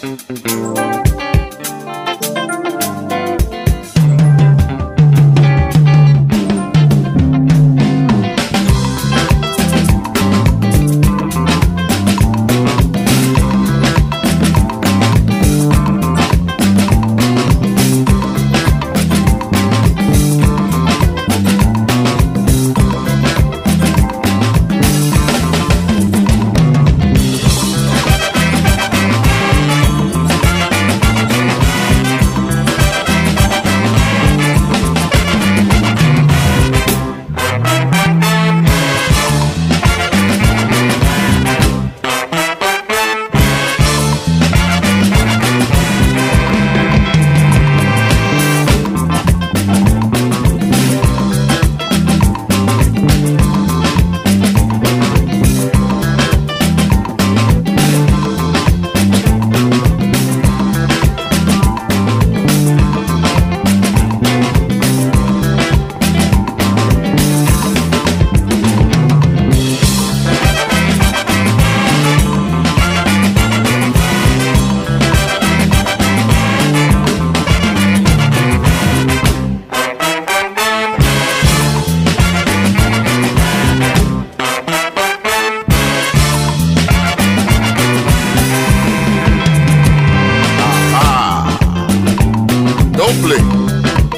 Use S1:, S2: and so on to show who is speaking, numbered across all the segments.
S1: Thank you.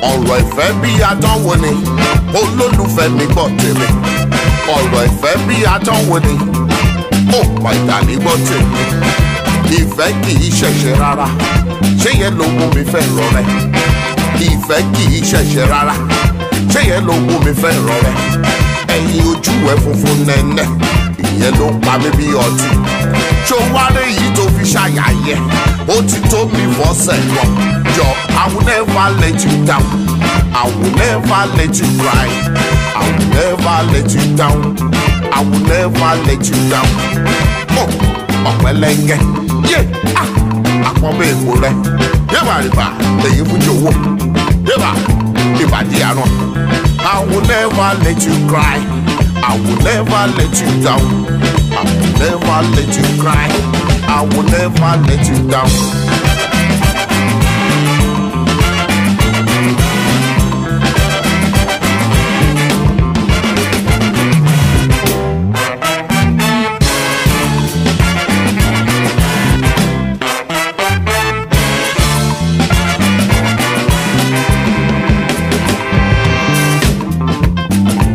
S1: ọ̀rọ̀ ìfẹ́ bí adánwò ni olólùfẹ́ mi gbọ́ tèmi ọ̀rọ̀ ìfẹ́ bí adánwò ni ó padà ní gbọ́ tèmi ìfẹ́ kì í ṣẹ̀ṣẹ̀ rárá ṣé yẹn ló mú mi fẹ́ rọrẹ́ ìfẹ́ kì í ṣẹ̀ṣẹ̀ rárá ṣé yẹn ló mú mi fẹ́ rọrẹ́ ẹ̀yin ojú ẹ̀ funfun nẹ́nẹ́ ìyẹn ló pa mí bí ọtí ṣó yìí tó fi ṣàyàyẹ ó ti tó mi fọ́sẹ̀ kan jọ I will never let you down I will never let you cry I will never let you down I will never let you down yé àpọ̀nbẹ́ èkó rẹ̀ yébà rìbà èyí fújì owó yébà ìbàdí àrùn I will never let you cry. I will never let you down. I will never let you cry. I will never let you down.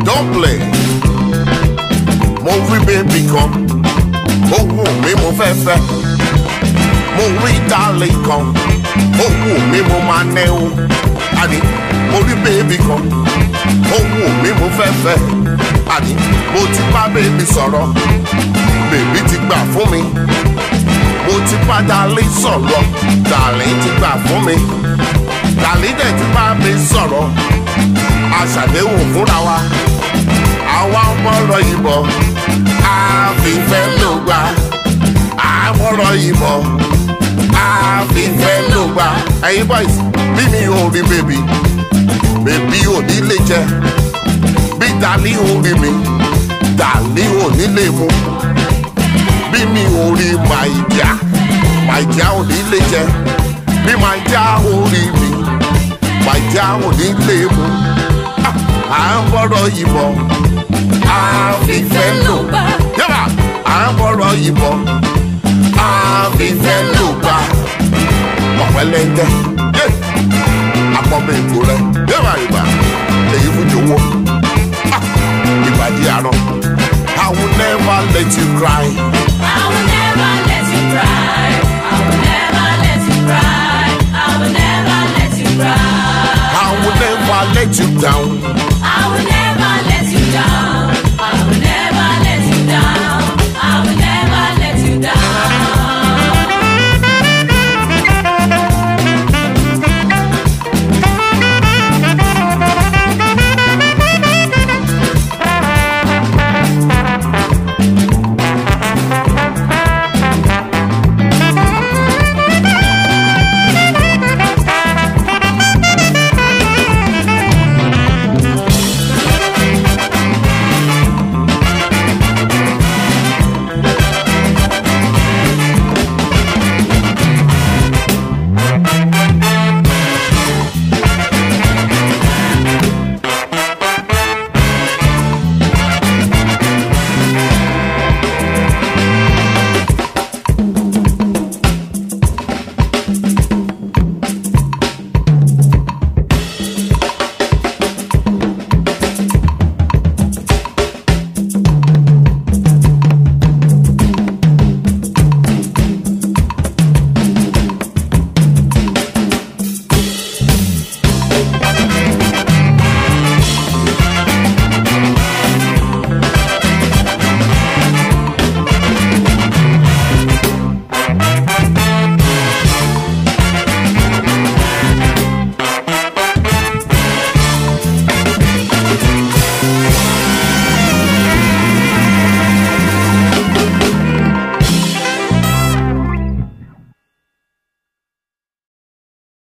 S1: Don't play débi kan ó wù mí mo fẹ́ fẹ́ mo rí ìdálé kan ó wù mí mo máa nẹ́ o àní mo rí bèbí kan ó wù mí mo fẹ́ fẹ́ àní mo ti bá bèbí sọ̀rọ̀ bèbí ti gbà fún mi mo ti bá dálé sọ̀rọ̀ dálé ti gbà fún mi dálé dẹ̀ ti bá mi sọ̀rọ̀ aṣàdéhùn fúnra wa àwa ọmọ ọ̀rọ̀ yìí bọ̀. ìmọ̀ àfihàn ló gbà ẹ̀yin boys bí mi ò rí bèbí bèbí ò ní lè jẹ bí dalí ò rí mi dalí ò ní lè mu bí mi ò rí màìjà màìjà ò ní lè jẹ bí màìjà ò rí mi màìjà ò ní lè mu à ń bọ̀rọ̀ ìmọ̀ àfihàn ló gbà à ń bọ̀rọ̀ ìmọ̀. I will never let you cry. I will never let you cry. I will never let you cry. I will never let you cry. I will never let you down.